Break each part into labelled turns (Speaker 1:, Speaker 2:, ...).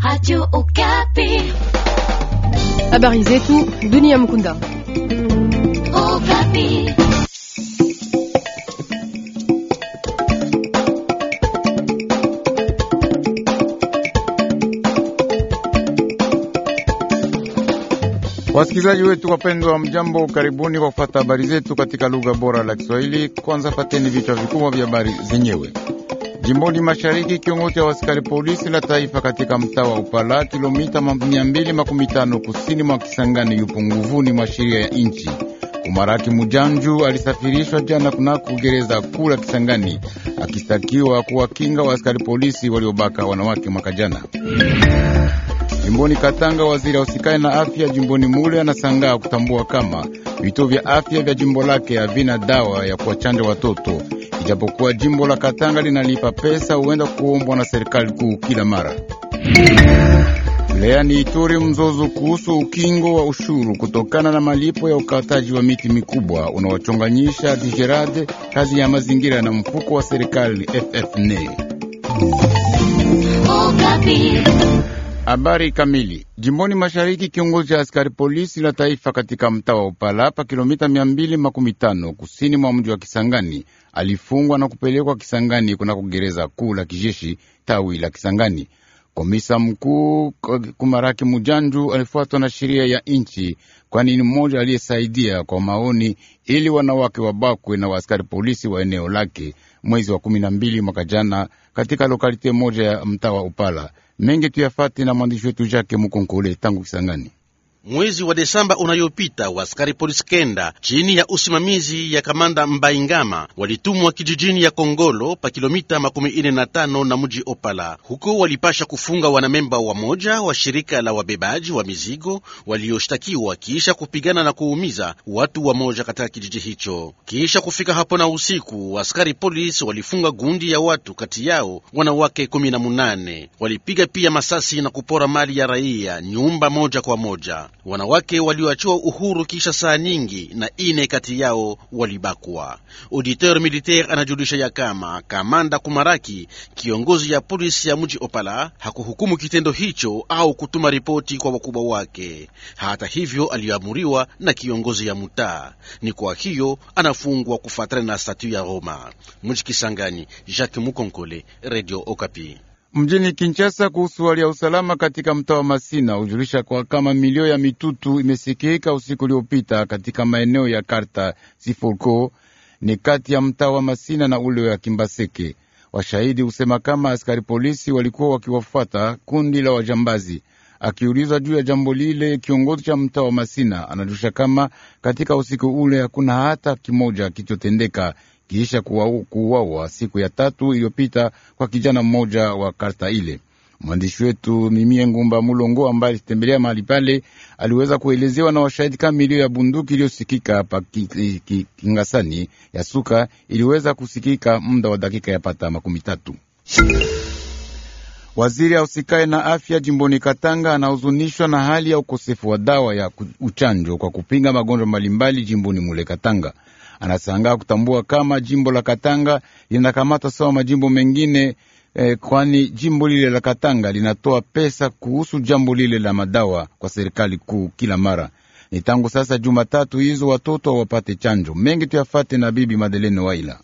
Speaker 1: Radio Okapi.
Speaker 2: Habari zetu dunia mkunda.
Speaker 1: Okapi.
Speaker 3: Wasikilizaji wetu wapendwa, mjambo, karibuni kwa kufata habari zetu katika lugha bora la Kiswahili. Kwanza fateni vichwa vikubwa vya habari zenyewe. Jimboni mashariki, kiongozi wa askari polisi la taifa katika mtaa wa Upala, kilomita 215 kusini mwa Kisangani, yupo nguvuni mwa sheria ya nchi. Umaraki Mujanju alisafirishwa jana kunako gereza kuu la Kisangani akistakiwa kuwakinga wa askari polisi waliobaka wanawake mwaka jana. Jimboni Katanga, waziri usikani na afya jimboni mule anasangaa kutambua kama vituo vya afya vya jimbo lake havina dawa ya kuwachanja watoto ijapokuwa jimbo la Katanga linalipa pesa huenda kuombwa na serikali kuu kila mara. leani Ituri, mzozo kuhusu ukingo wa ushuru kutokana na malipo ya ukataji wa miti mikubwa unaochonganyisha dijerade kazi ya mazingira na mfuko wa serikali ffn Habari kamili jimboni mashariki. Kiongozi cha askari polisi la taifa katika mtaa wa Upalapa, kilomita 215 kusini mwa mji wa Kisangani, alifungwa na kupelekwa Kisangani kunako gereza kuu la kijeshi tawi la Kisangani. Komisa mkuu Kumaraki Mujanju alifuatwa na sheria ya nchi, kwani ni mmoja aliyesaidia kwa maoni ili wanawake wabakwe na waaskari polisi wa eneo lake mwezi wa kumi na mbili mwaka jana katika lokalite moja ya mtaa wa Upala. Mengi tuyafati na mwandishi wetu Jake Mukonkole tangu Kisangani.
Speaker 4: Mwezi wa Desemba unayopita waaskari polisi kenda chini ya usimamizi ya kamanda Mbaingama walitumwa kijijini ya Kongolo pa kilomita makumi ine na tano na mji Opala. Huko walipasha kufunga wanamemba moja wa shirika la wabebaji wa mizigo walioshtakiwa kisha kupigana na kuumiza watu wa moja katika kijiji hicho. Kisha kufika hapo na usiku, waaskari polisi walifunga gundi ya watu, kati yao wanawake kumi na munane. Walipiga pia masasi na kupora mali ya raia, nyumba moja kwa moja wanawake walioachiwa uhuru kisha saa nyingi na ine kati yao walibakwa. Auditeur militaire anajulisha ya kama kamanda Kumaraki, kiongozi ya polisi ya mji Opala, hakuhukumu kitendo hicho au kutuma ripoti kwa wakubwa wake. Hata hivyo, aliamuriwa na kiongozi ya mutaa, ni kwa hiyo anafungwa kufatana na statu ya Roma. Mji Kisangani, Jacques Mukonkole, Radio Okapi
Speaker 3: mjini Kinshasa kuhusu hali ya usalama katika mtaa wa Masina hujulisha kwa kama milio ya mitutu imesikika usiku uliopita katika maeneo ya Karta Sifoko ni kati ya mtaa wa Masina na ule wa Kimbaseke. Washahidi husema kama askari polisi walikuwa wakiwafuata kundi la wajambazi. Akiulizwa juu ya jambo lile, kiongozi cha mtaa wa Masina anajulisha kama katika usiku ule hakuna hata kimoja kilichotendeka, kisha kuuawa siku ya tatu iliyopita kwa kijana mmoja wa karta ile. Mwandishi wetu Mimie Ngumba Mulongo ambaye alitembelea mahali pale aliweza kuelezewa na washahidi kama milio ya bunduki iliyosikika hapa Kingasani ya Suka iliweza kusikika muda wa dakika ya pata makumi tatu. Waziri ausikae na afya jimboni Katanga anahuzunishwa na hali ya ukosefu wa dawa ya uchanjo kwa kupinga magonjwa mbalimbali jimboni mule Katanga. Anasangaa kutambua kama jimbo la Katanga linakamata sawa majimbo mengine eh, kwani jimbo lile la Katanga linatoa pesa kuhusu jambo lile la madawa kwa serikali kuu kila mara. Ni tangu sasa Jumatatu hizo watoto wapate chanjo mengi. Tuyafate na Bibi Madelene Waila.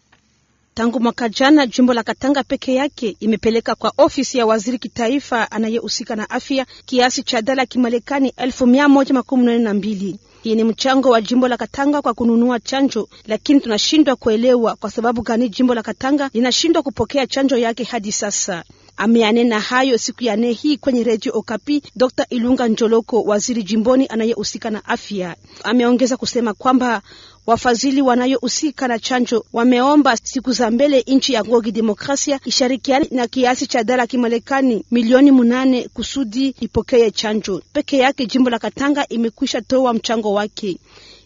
Speaker 1: Tangu mwaka jana jimbo la Katanga peke yake imepeleka kwa ofisi ya waziri kitaifa anayehusika na afya kiasi cha dala ya Kimarekani elfu mia moja makumi nane na mbili. Hii ni mchango wa jimbo la Katanga kwa kununua chanjo, lakini tunashindwa kuelewa kwa sababu gani jimbo la Katanga linashindwa kupokea chanjo yake hadi sasa. Ameanena hayo siku ya nne hii kwenye redio Okapi. Dr Ilunga Njoloko, waziri jimboni anayehusika na afya, ameongeza kusema kwamba wafadhili wanayohusika na chanjo wameomba siku za mbele nchi ya Kongo kidemokrasia ishirikiane na kiasi cha dola kimarekani milioni munane kusudi ipokee chanjo peke yake. Jimbo la Katanga imekwisha toa mchango wake.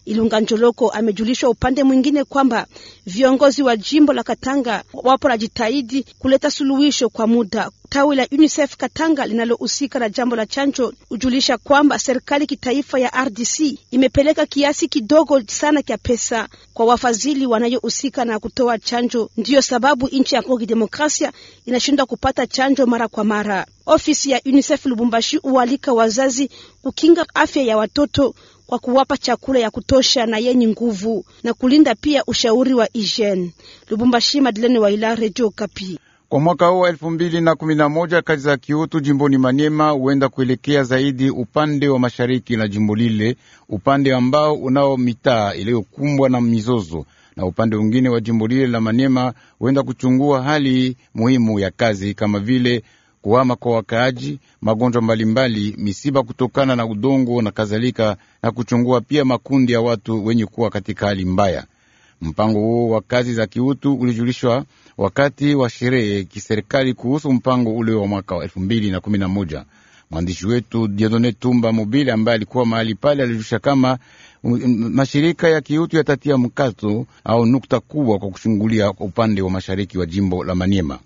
Speaker 1: Ilunga Njoloko amejulishwa upande mwingine kwamba viongozi wa jimbo la Katanga wapo na jitahidi kuleta suluhisho kwa muda. Tawi la UNICEF Katanga linalohusika na jambo la chanjo hujulisha kwamba serikali kitaifa ya RDC imepeleka kiasi kidogo sana cha pesa kwa wafadhili wanayohusika na kutoa chanjo. Ndiyo sababu nchi ya Kongo Kidemokrasia inashindwa kupata chanjo mara kwa mara. Ofisi ya UNICEF Lubumbashi hualika wazazi kukinga afya ya watoto kwa kuwapa chakula ya kutosha na yenye nguvu na kulinda pia ushauri wa hygiene. Lubumbashi, Madeleine Waila, Radio Kapi.
Speaker 3: Kwa mwaka huu wa elfu mbili na kumi na moja kazi za kiutu jimboni Maniema huenda kuelekea zaidi upande wa mashariki na jimbo lile, upande ambao unao mitaa iliyokumbwa na mizozo, na upande mwingine wa jimbo lile la Maniema huenda kuchungua hali muhimu ya kazi kama vile kuhama kwa wakaaji, magonjwa mbalimbali, misiba kutokana na udongo na kadhalika, na kuchungua pia makundi ya watu wenye kuwa katika hali mbaya. Mpango huo wa kazi za kiutu ulijulishwa wakati wa sherehe kiserikali kuhusu mpango ule wa mwaka wa elfu mbili na kumi na moja. Mwandishi wetu Diodone Tumba Mobile ambaye alikuwa mahali pale alijulisha kama mashirika ya kiutu yatatia mkato au nukta kubwa kwa kushungulia upande wa mashariki wa jimbo la Maniema.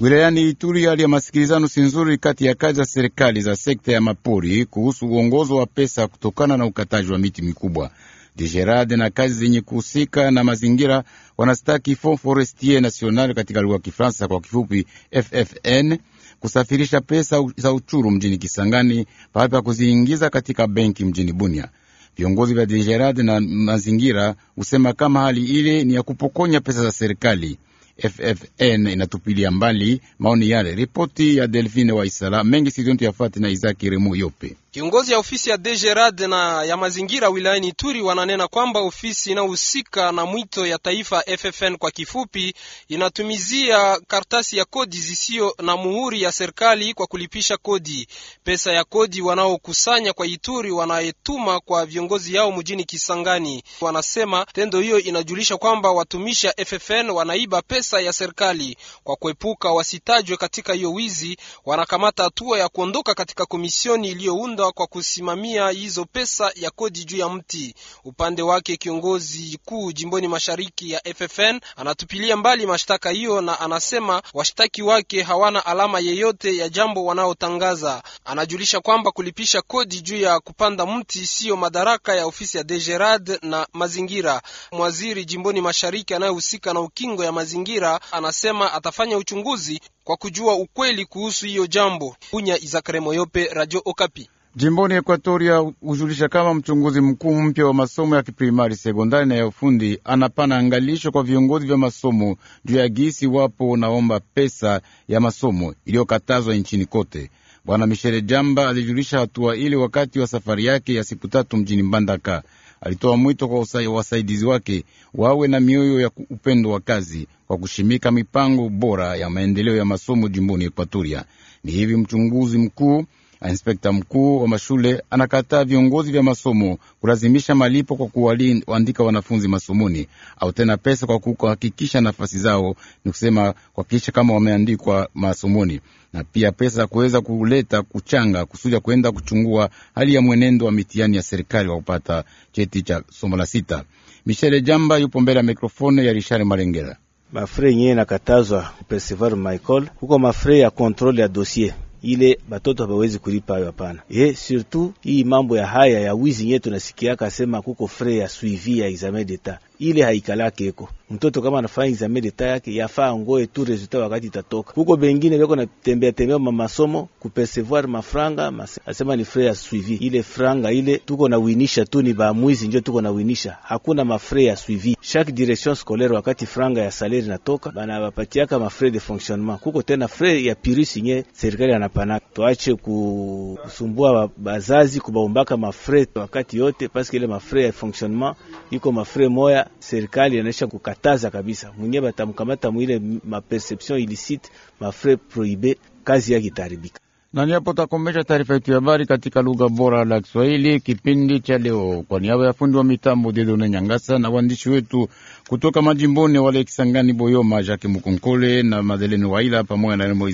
Speaker 3: Wilayani Ituri hali ya masikilizano si nzuri kati ya kazi za serikali za sekta ya mapori kuhusu uongozo wa pesa kutokana na ukataji wa miti mikubwa. Degerade na kazi zenye kuhusika na mazingira wanastaki Fond Forestier National katika lugha ya Kifransa kwa kifupi FFN kusafirisha pesa za uchuru mjini Kisangani pahali pa kuziingiza katika benki mjini Bunia. Viongozi vya Degerade na mazingira husema kama hali ile ni ya kupokonya pesa za serikali. FFN inatupilia mbali maoni yale. Ripoti ya Delphine Waisala mengi sizontu yafate na isaki remu Yope.
Speaker 2: Kiongozi ya ofisi ya DGRAD na ya mazingira wilayani Ituri wananena kwamba ofisi inayohusika na mwito ya taifa FFN kwa kifupi inatumizia kartasi ya kodi zisiyo na muhuri ya serikali kwa kulipisha kodi. Pesa ya kodi wanaokusanya kwa Ituri wanayetuma kwa viongozi yao mjini Kisangani. Wanasema tendo hiyo inajulisha kwamba watumishi FFN wanaiba pesa ya serikali. Kwa kuepuka wasitajwe katika hiyo wizi, wanakamata hatua ya kuondoka katika komisioni iliyounda kushindwa kwa kusimamia hizo pesa ya kodi juu ya mti. Upande wake kiongozi kuu jimboni mashariki ya FFN anatupilia mbali mashtaka hiyo na anasema washtaki wake hawana alama yeyote ya jambo wanaotangaza. Anajulisha kwamba kulipisha kodi juu ya kupanda mti siyo madaraka ya ofisi ya Degerad na mazingira. Mwaziri jimboni mashariki anayehusika na ukingo ya mazingira anasema atafanya uchunguzi kwa kujua ukweli kuhusu hiyo jambo. Bunya Izakare Moyope, Radio Okapi.
Speaker 3: Jimboni Ekuatoria hujulisha kama mchunguzi mkuu mpya wa masomo ya kiprimari, sekondari na ya ufundi anapana angalisho kwa viongozi vya masomo juu ya gisi wapo naomba pesa ya masomo iliyokatazwa nchini kote. Bwana Mishele Jamba alijulisha hatua ile wakati wa safari yake ya siku tatu mjini Mbandaka. Alitoa mwito kwa wasaidizi wake wawe na mioyo ya upendo wa kazi kwa kushimika mipango bora ya maendeleo ya masomo jimboni Ekuatoria. Ni hivi mchunguzi mkuu Inspekta mkuu wa mashule anakataa viongozi vya masomo kulazimisha malipo kwa kuwaandika wanafunzi masomoni au tena pesa kwa kuhakikisha nafasi zao, ni kusema kuhakikisha kama wameandikwa masomoni, na pia pesa za kuweza kuleta kuchanga kusudia kwenda kuchungua hali ya mwenendo wa mitihani ya serikali wa kupata cheti cha somo la sita. Michele Jamba yupo mbele ya mikrofone ya Rishari Marengera.
Speaker 4: Mafre yenyewe nakatazwa Percival Michael huko mafre ya kontrole ya dosie ile batoto hawawezi kulipa hayo, hapana. E, surtout hii mambo ya haya ya wizi yetu nasikiaka sema kuko fre ya suivi ya examen d'etat ile haikalake eko mtoto kama anafanya examen d'etat yake yafaa ngoe tu resultat wakati itatoka. Kuko bengine beko natembea tembea ma masomo percevoir mafranga mas, asema ni frais ya suivi. Ile franga ile tuko na winisha tu ni baamwizi njo tuko na winisha, hakuna mafrais ya suivi. Chaque direction scolaire wakati franga ya salaire natoka bana bapatiaka mafrais de fonctionnement. Kuko tena frais ya pirisi nye serikali anapanaka. Tuache kusumbua bazazi kubaombaka mafrais wakati yote, parce que ile mafrais ya fonctionnement iko mafrais moya serikali anaisha kukataza kabisa, mwenyewe batamkamata mwile maperception illicite mafre prohibe, kazi yake itaharibika.
Speaker 3: Na ni hapo takomesha taarifa yetu ya habari katika lugha bora la Kiswahili kipindi cha leo, kwa niaba ya fundi wa mitambo Dedone Nyangasa na waandishi wetu kutoka majimboni wale Kisangani, Boyoma, Jacques Mukonkole na Madeleni Waila pamoja na Remo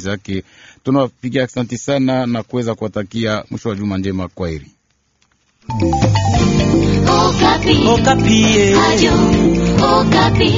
Speaker 3: tunawapigia asanti sana na kuweza kuwatakia mwisho wa juma njema. Kwaheri.
Speaker 1: Okapi. Okapi.